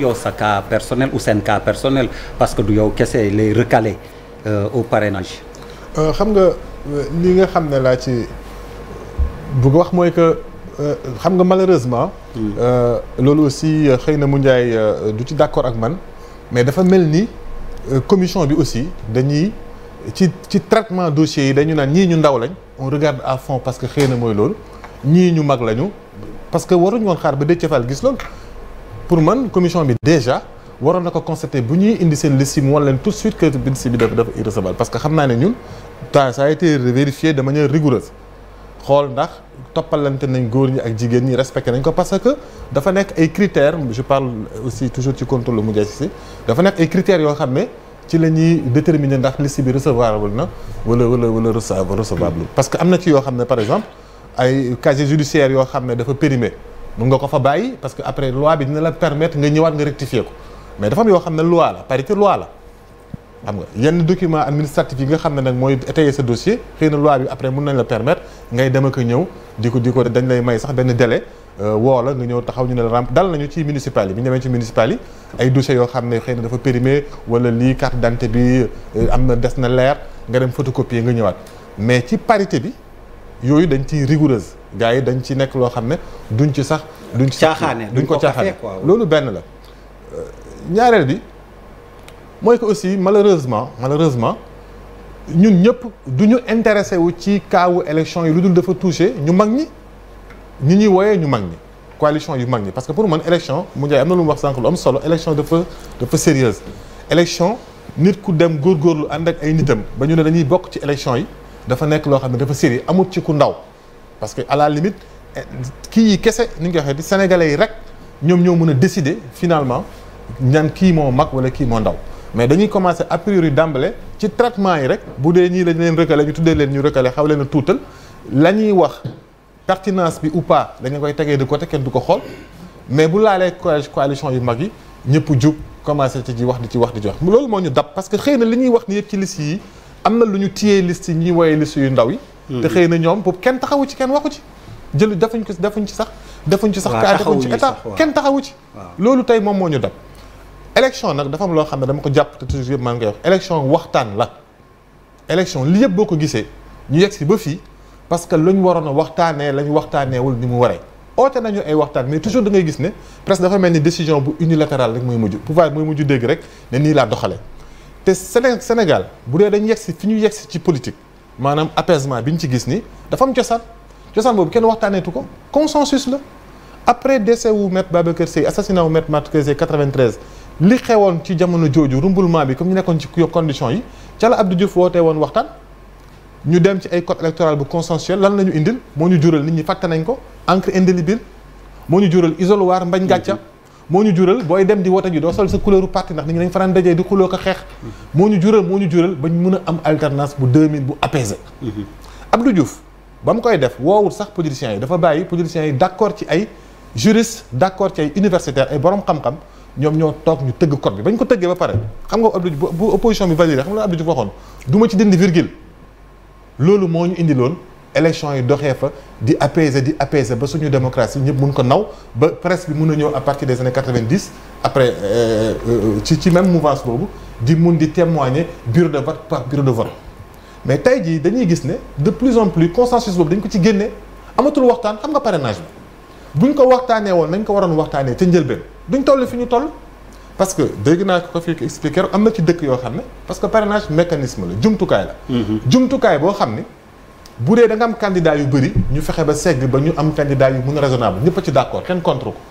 yow sa cas personnel ou seen cas parce que du yow kese lay recalé euh, au parrainage. Euh, xam nga euh, li nga xam ne laa ci bëgg wax mooy que xam nga malheureusement. Hmm. loolu aussi xëy na mu njaay du ci d'accord ak man mais dafa mel ni commission bi aussi dañuy. ci ci traitement dossier yi dañu naan ñii ñu ndaw lañ on regarde à fond parce que xëy na mooy loolu ñii ñu mag lañu parce que waruñu woon xaar ba Déthié Fall gis loolu pour man commission bi déjà waroon na ko constater bu ñuy indi seen liste mu wan leen tout de suite que liste bi dafa dafa irrecevable parce que xam naa ne ñun temps ça a été vérifié de manière rigoureuse xool ndax toppalante nañ góor ñi ak jigéen ñi respecté nañ ko parce que dafa nekk ay critères je parle aussi toujours ci contrôle mu si dafa nekk ay critères yoo xam ne ci la ñuy déterminer ndax liste bi recevable na wala wala wala recevable parce que am na ci yoo xam ne par exemple ay casier yoo xam ne dafa périmé mun nga ko fa bàyyi parce que après loi bi dina la permettre nga ñëwaat nga rectifier ko mais dafa am yoo xam ne loi la parité loi la xam nga yenn document administratif yi nga xam ne nag mooy étayer sa dossier xëy na loi bi après mun nañ la permettre ngay dem ak a ñëw di ko di ko dañ lay may sax benn délai euh, woo la nga ñëw taxaw ñu ne la ramp dal nañu ci municipal yi bi ñu demee ci municipal yi ay dossiers yoo xam ne xëy na dafa périmé wala lii carte d'identité bi euh, am na des na leer nga dem photocopier nga ñëwaat mais ci parité bi yooyu dañ ci rigoureuse gars yi dañ ci nekk loo xam ne duñ ci sax duñ caaxaane duñ ko caaxaane loolu benn la euh, ñaareel bi mooy que aussi malheureusement malheureusement ñun ñëpp du ñu intéressé wu ci kaawu élection yi lu dul dafa touché ñu mag ñi ñi ñuy wooyee ñu mag ñi coalition yu mag ñi parce que pour man élection mu njaay am na lu mu wax sànq lu am solo élection dafa dafa sérieuse élection nit ku dem góor góorgóorlu ànd ak ay nitam ba ñu ne dañuy bokk ci élection yi dafa nekk loo xam ne dafa sérieux amut ci ku ndaw parce que à la kii yi kese ni ñu koy waxee di sénégalais yi rek ñoom ñoo mën a décider finalement ñan kii moo mag wala kii moo ndaw mais dañuy commencer a priori d'emblée ci traitement yi rek bu dee ñii lañ leen recalé ñu tuddee leen ñu recalé xaw leen a tuutal la ñuy wax pertinence bi ou pas dañu tegee de côté kenn du ko xool mais bu laalee coalition yu mag yi ñëpp jub commencé ci wax di ci wax di loolu moo ñu dab xëy na li ñuy wax ni yëpp ci liste yi am na lu ñu téyee liste yi ñuy woyee liste yu ndaw yi mm. te xëy na ñoom boobu kenn taxawu ci kenn waxu ci jël defuñ ko defuñ ci sax defuñ ci sax kaa defuñ ci état kenn taxawu ci loolu tey moom moo ñu dab élection nag dafa loo xam ne dama ko jàpp te toujours yëpp maa ngi wax élection waxtaan la élection li yëpp boo ko gisee ñu yegg si ba fii parce que luñ waroon a waxtaanee lañ waxtaaneewul ni mu waree oote nañu ay waxtaan mais toujours da ngay gis ne presque dafa mel ni décision bu unilatérale rek mooy mujj pouvoir mooy mujj dégg rek ne nii laa doxalee te Sénégal bu dee dañ yegg si fi ñu yegg si ci politique maanaam apaisement bi ñu ci gis ni dafa am cosaan cosaan boobu kenn waxtaaneetu ko consensus la après décès wu maître Babacar Sèye assassinat wu maître Babacar Sèye 93 li xewoon ci jamono jooju remoulement bi comme ñu nekkoon ci condition yi ca la Abdou Diouf wootee woon waxtaan ñu dem ci ay code électoral bu consensuel lan la ñu indil moo ñu jural nit ñi fàtte nañ ko encre indélébile moo ñu jural isoloir mbañ gàcca moo ñu jural booy dem di woote ji doo sol sa couleur parti ndax nit ñi dañ faran dajee di ko xeex moo ñu jural moo ñu jural ba ñu mën a am alternance bu 2000 bu apaisé mhm. Abdou Diouf ba mu koy def woowul sax politiciens yi dafa bàyyi politiciens yi d' accord ci ay juristes d' accord ci ay universitaires ay borom xam-xam ñoom ñoo toog ñu tëgg code bi bañ ko tëggee ba pare xam nga Abdou bu opposition bi validé xam nga Abdou Diouf waxoon du ma ci dindi virgule loolu moo ñu indi loon élection yi doxee fa di apaiser di apaiser ba suñu démocratie ñëpp mun ko naw ba presse bi mun na ñëw à partir des années quatre-vingt-dix après euh, euh, euh, ci ci même mouvance boobu di mun di témoigner bureau de vote par bureau de mais tey jii dañuy gis ne de plus en plus consensus boobu dañ ko ci génne amatul waxtaan xam nga parenage bi buñ ko waxtaanee woon nañ ko waroon waxtaanee ca njëlbeen duñ toll fi ñu toll. parce que dégg naa ko fi expliqué am na ci dëkk yoo xam ne parce que parrainage mécanisme la jumtukaay la. Mhm. jumtukaay boo xam ne bu dee da nga am candidat yu bari ñu fexe ba segg ba ñu am candidat yu mun a raisonnable ñëpp a ci d' kenn contre ko.